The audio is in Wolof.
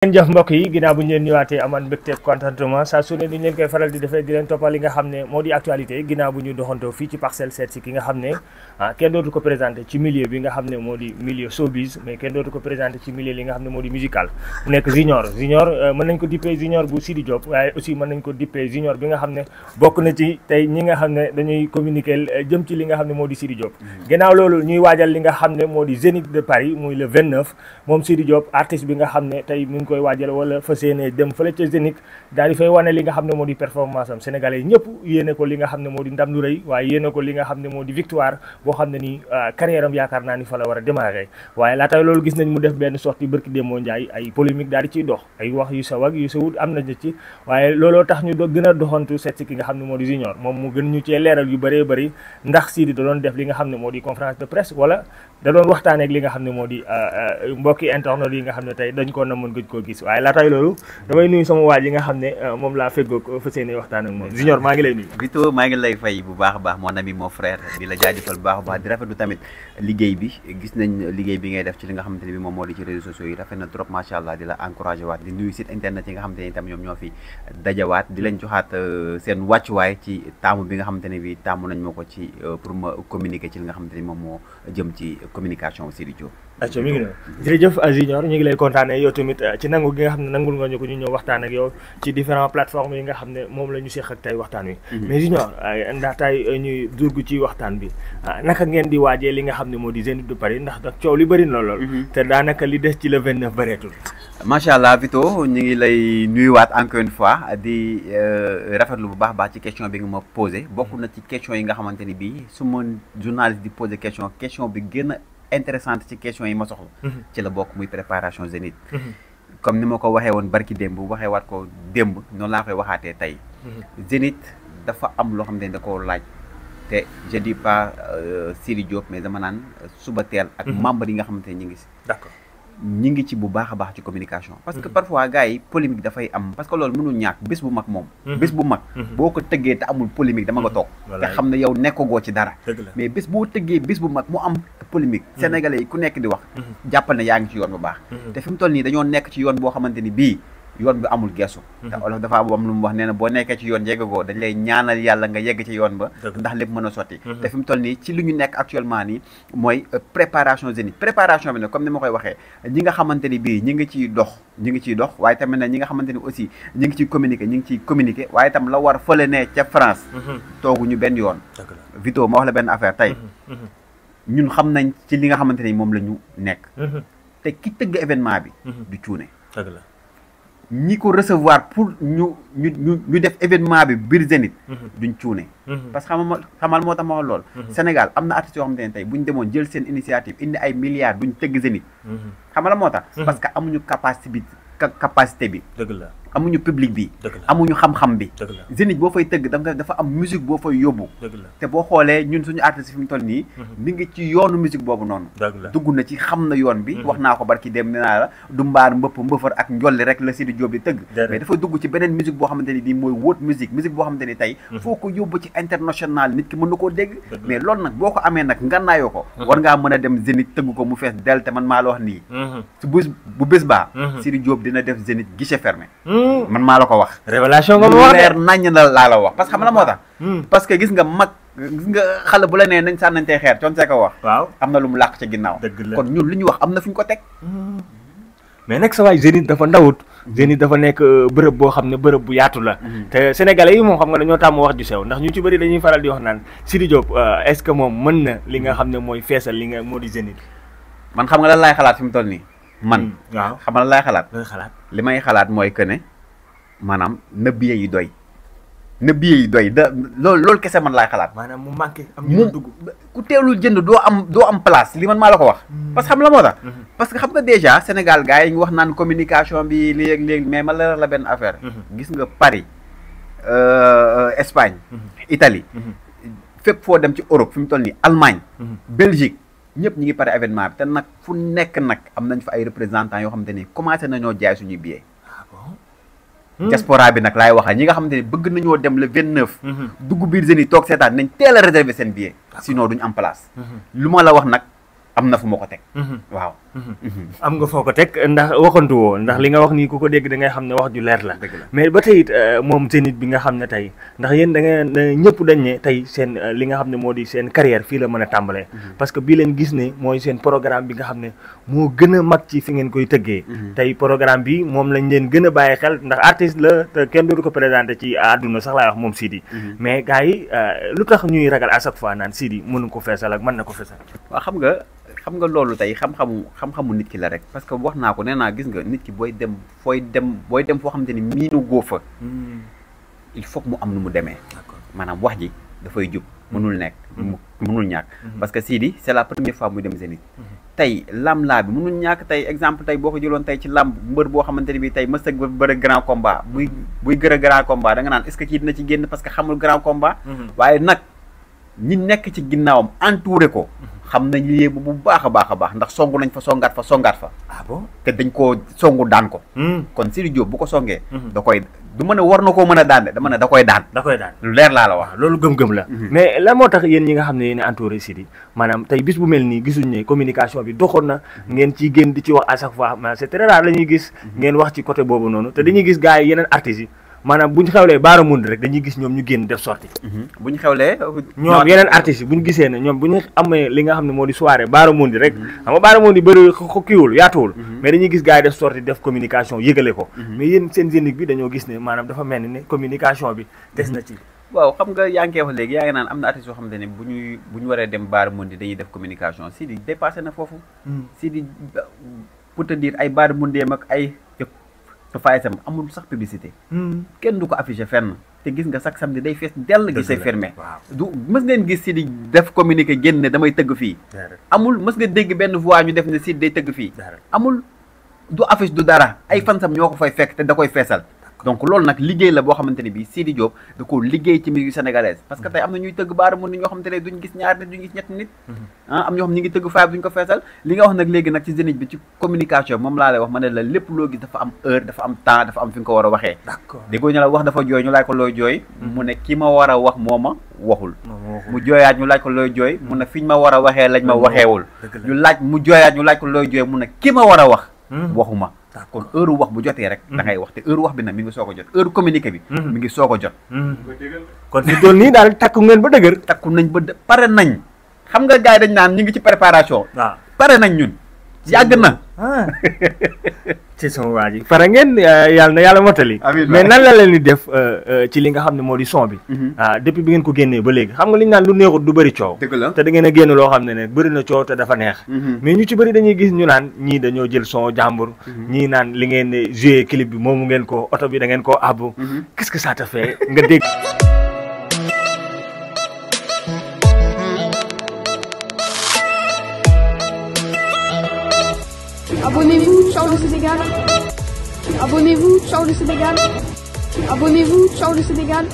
ngeen jëf mbokk yi ginnaaw bu ñu leen ñëwaatee amaan mbégte contentement saa su ne leen koy faral di defee di leen toppal nga xam ne moo di actualité ginnaaw bu ah, nga xam ne moo di milieu showbiz mais kenn dootu ko présenté ci milieu li nga xam ne moo di musical mu nekk junior junior euh, mën nañ ko dippee junior bu Sidi Diop waaye aussi mën nañ ko dippee junior bi nga xam ne bokk na ci tey ñi nga xam ne dañuy communiquer euh, jëm ci li nga xam ne moo di koy waajal wala fas yéene dem fële ca Zénith daal di fay wane li nga xam ne moo di performance am sénégalais yéene ko li nga xam ne moo di ndam lu rëy waaye yéene ko li nga xam ne moo di victoire boo xam ne ni euh, carrière yaakaar naa ni fa la war a démarrer waaye laata loolu gis nañ mu def benn sortie bërki démboo Njaay ay polémique daal di dox ay wax yu saw ak yu sawut am na ci waaye looloo tax ñu do doxantu seet ki nga xam ne moo di ko gis waaye laataay loolu damay nuyu nga xam ne euh, moom laa feggoog fa seeni waxtaan ak moom junior maa ngi lay nuyu maa ngi lay fay a baax mon ami a baax di rafetlu gis nañ liggéey bi ngay def ci li nga xamante ne bi moom moo di ci réseaux sociaux yi rafet na trop macha allah di la encouragé waat di nuyu site internet yi nga xamante ne tam ñoom ñoo fi dajawaat di lañ joxaat euh, seen wàccuwaay ci taamu bi nga xamante ne bi taamu nañ ma ko ci euh, pour ma communiquer ci li nga xamante ne moom moo jëm ci communication Sidy Diop aco mi jërëjëf Junior ñu ngi lay kontaanee yow tamit euh, ci nangu gi nga xam ne nangul nga ñu ñu ñëw waxtaan ak yow ci yi nga xam ne moom la ñu seq ak tey waxtaan wi mhm. mais Junior euh, ndax tey euh, ñuy ci waxtaan bi naka ngeen di waajee li nga xam ne moo di Zénith du Paris ndax ndax coow li bari na lool mhm. te daanaka li des ci la le 29 bëreetul macha allah Vito ñu ngi lay nuyuwaat encore une fois di rafetlu bu baax baax ci question bi nga ma posé bokk na ci question yi nga xamante ni bii su ma journaliste di posé question question bi gën a intéressante ci question yi ma soxla mhm. ci la bokk muy préparation zénith mhm. comme ni ma ko waxee woon barki démb waxee waat ko démb noonu laa koy waxaatee tey mhm. zénith dafa am loo xam ne da koo laaj te je dis pas euh, Siri Diop mais dama naan euh, suba teel ak membre yi nga xamante ne ñu ngi si ñu ngi ci bu baax a baax ci communication parce que mhm. parfois gars yi polémique dafay am parce que loolu mënul ñàkk bés bu mag moom mhm. bés bu mag mhm. boo ko tëggee te amul polémique dama nga toog te xam ne yow nekkagoo ci dara mais bés boo tëggee bés bu mag mu am polémique sénégalais ku nekk di wax jàppal ne yaa ngi ci yoon bu baax te fi toll nii dañoo nekk ci yoon boo xamante ni bii yoon bi amul geesu mhm. olof dafa am lu mu wax nee na boo nekkee ci yoon yeggagoo dañ lay ñaanal yàlla nga yegg ci yoon ba ndax lépp mën a sotti mhm. te fi mu toll nii ci li ñu nekk actuellement nii mooy euh, préparation zénith préparation bi nag comme ni ma koy waxee ñi nga xamante ni bii ñi ngi ciy dox ñi ngi ciy dox waaye tamit nag ñi nga xamante ni aussi ñi ngi ciy communiqué ñi ngi ciy communiqué waaye tam la war fële ne ca France mhm. tooguñu benn yoon Vito ma wax la benn affaire tey ñun xam nañ ci li nga la ñi ko recevoir pour ñu ñu ñu ñu def événement bi bir Zénith. Mhm. duñ cuune. Mhm. parce que xamal xamal moo tax ma wax lool. Mhm. Sénégal am na artistes yoo xamante ne tey bu ñu demoon jël seen initiative indi ay milliards duñ tëgg Zénith. xamal moo tax. parce que amuñu capacité bi capacité bi. dëgg la. amuñu public bi. amuñu xam-xam bi. dëgg boo fay tëgg da dafa am musique boo fay yóbbu. te boo xoolee ñun suñu artiste fi mu toll nii. Mhm. mi ngi ci yoonu musique boobu noonu. dugg na ci xam na yoon bi. Mhm. wax naa ko barki dem nee naa la du mbaar mbëpp mbëfar ak njolli rek la Sidi Diop di tëgg. mais dafa dugg ci beneen musique boo xamante ni nii mooy wóot musique musique boo xamante ni tey. Mhm. foo ko yóbbu ci international nit ki mën na koo dégg. mais loolu nag boo ko amee nag ngannaayoo ko. war ngaa mën a dem Zénith tëgg ko mu fees del te man maa la wax nii. su bu bés baa. Sidi dina def Zénith guichet fermé Hmm. man maa la ko wax. révélation nga ma wax leer naññ la laa la wax parce xam la moo tax. Hmm. parce que gis nga mag gis nga xale bu la nee nañ sànnañ tey xeer coon see ko wax. am na lu mu làq ca ginnaaw. kon ñu lu ñu wax am na fu ñu ko teg. Hmm. mais nag sa waay Zénith dafa ndawut. Zénith dafa nekk euh, bërëb boo xam ne bërëb bu yaatu la. te sénégalais yi moom xam nga dañoo tàmm wax ju sew ndax ñu ci bëri dañuy faral di wax naan Sidi Diop euh, est-ce moom mën na li nga xam ne mooy feesal li nga moo di man xam nga lan laay xalaat fi mu toll nii man xam na laay xalaat. li may xalaat mooy que ne maanaam na billet yi doy. na billet yi doy da loolu loolu kese man laay xalaat. maanaam mu manqué am ñu dugg ku teelul jënd doo am doo am place li man maa la ko wax. Mm. parce que xam la mm-hmm. parce que xam nga déjà Sénégal gars yi ñu wax naan communication bi léeg-léeg mais ma leeral la benn affaire. Mm-hmm. gis nga Paris euh, Espagne. Mm-hmm. Italie. fépp foo dem ci Europe fi mu toll nii Allemagne. Belgique. ñëpp ñi ngi pare événement bi te nag fu nekk nag am nañ fa ay représentant yoo xamante ni commencé nañoo jaay suñuy billets. Ah hmm. Hmm. diaspora bi nag laay waxal ñi nga xamante ni bëgg nañoo dem le vingt neuf. Hmm. dugg biir jeunes yi toog seetaan nañ teel a réserver seen billet. sinon duñ am place. lu ma la wax nag am na fu ma ko teg. waaw. Mm-hmm. am nga foo ko teg ndax waxantu woo ndax li nga wax nii ku ko dégg da ngay xam ne wax ju leer la mais ba tey it euh, moom nit bi nga xam ne tey ndax yéen da ngeen ñëpp dañ ne tey seen euh, li nga xam ne moo di seen carrière fii la mën a tàmbalee mm-hmm. parce que bii leen gis ne mooy seen programme bi nga xam ne moo gën a mag ci fi ngeen koy tëggee mm-hmm. tey programme bi moom lañ leen gën a bàyyi xel ndax artiste la kenn kenn dootu ko présenté ci àdduna sax laay wax moom Sidi mais gars yi euh, lu tax ñuy ragal à chaque fois naan Sidi mënu ko feesal ak mën na ko feesal waaw xam xam nga loolu tey xam-xamu xam nit ki la rek parce que wax naa ko nee naa gis nga nit ki booy dem fooy dem booy dem foo xamante ni miinu góo fa hmm. il faut mu am nu mu demee maanaam wax ji dafay jub mënul nekk hmm. mënul ñàkk hmm. parce que Sidi c'est la première fois muy dem Zénith tey lam laa bi mënul ñàkk tey exemple tey boo ko jëloon tey ci lamb mbër boo xamante ni bi tey mës a bëre grand combat buy buy gër a grand combat da nga naan est-ce que kii dina ci génn parce que xamul grand combat nag ñi nekk ci ginnaawam entouré ko xam nañ lieu bu baax a baax a baax ndax songu nañ fa songaat fa songaat fa. ah bon te dañ koo songu daan ko. Hmm. kon Sidi Diop bu ko songee. Hmm. du ma war na koo mën a daan de dama ne da koy daan. da koy daan lu leer laa la wax. Ah, loolu gëm-gëm la. Hmm. mais lan moo tax yéen ñi nga xam ne yéen a entouré Sidi maanaam tey bis bu mel nii gisuñu ne communication bi doxoon na. ngeen ciy génn di ci wax à chaque fois c'est très rare la ñuy gis. ngeen wax ci côté boobu noonu te dañuy gis gars yeneen artistes maanaam bu ñu xewlee baara mund rek dañuy gis ñoom ñu génn def sorti mhm. bu ñu xewlee euh, ñoom yeneen artistes bu ñu gisee ne ñoom bu ñu amee li nga xam ne moo di soirée baara mund rek mhm. xam mhm. dañuy gis gars yi def sorti def communication yëgale gis ne maanaam dafa mel ni ne communication bi des na ci waaw xam nga yaa ngi wax léegi yaa ngi naan am na artistes yoo xam ne bu ñuy bu ñu waree dem baara mund dañuy def communication si di dépassé na foofu si di pour ay dire ay baara mundee mag ay te FAESM amul sax publicité. Hmm. kenn du ko affiché fenn. te gis nga chaque samedi day fees dell gi say fermé du mës ngeen gis si di def communiqué génn damay tëgg fii. amul mës nga dégg benn voix ñu def ne si day tëgg fii. amul du affiche du dara ay hmm. fansam ñoo ko fay fekk te da koy feesal. donc loolu nag liggéey la boo xamante ne bii Sidi Diop da ko liggéey ci musique sénégalaise parce que tey am na ñuy tëgg baara mun ni ñoo xamante ne duñ gis ñaari nit duñ gis ñetti nit mhm. ah am ñoo xam ñu ngi tëgg five duñ ko feesal li nga wax nag léegi nag ci Zénith bi ci communication moom laa lay wax ma ne la lépp loo gis dafa am heure dafa am temps dafa am fi nga ko war a waxee déggoo ñu la wax dafa jooy ñu laaj ko looy jooy mu ne ki ma war a wax moo mhm. ma waxul mu jooyaat ñu laaj ko looy jooy mu ne ma war a waxee lañ ma waxeewul ñu laaj mu jooyaat ñu laaj ko looy mu ne ki ma war a wax waxuma kon heure wax bu jotee rek mhm. da ngay wax te heure wax bi na mi ngi soog a jot heure communiqué bi mhm. mi ngi soog a jot mhm. kon fi doon nii daal takku ngeen ba dëgër takku nañ ba pare nañ xam nga gars yi dañ naan ñu ngi ci préparation waaw pare nañ ñun yàgg na ci sama waa ji pare ngeen yal na yàlla motali mais nan la leen di def ci li nga xam ne moo di son bi ah depuis bi ngeen ko génnee ba léegi xam nga li naan lu neexut du bëri coow te da ngeen a génn loo xam ne ne bëri na coow te dafa neex mais ñu ci bëri dañuy gis ñu naan ñii dañoo jël son jàmbur ñii naan li ngeen joué clip bi moomu ngeen ko oto bi dangeen ko koo àbb qu'est-ce que ça te fait nga dégg Abonnez-vous, Charles le Sénégal. Abonnez-vous, Charles le Sénégal. Abonnez-vous, Charles le Sénégal.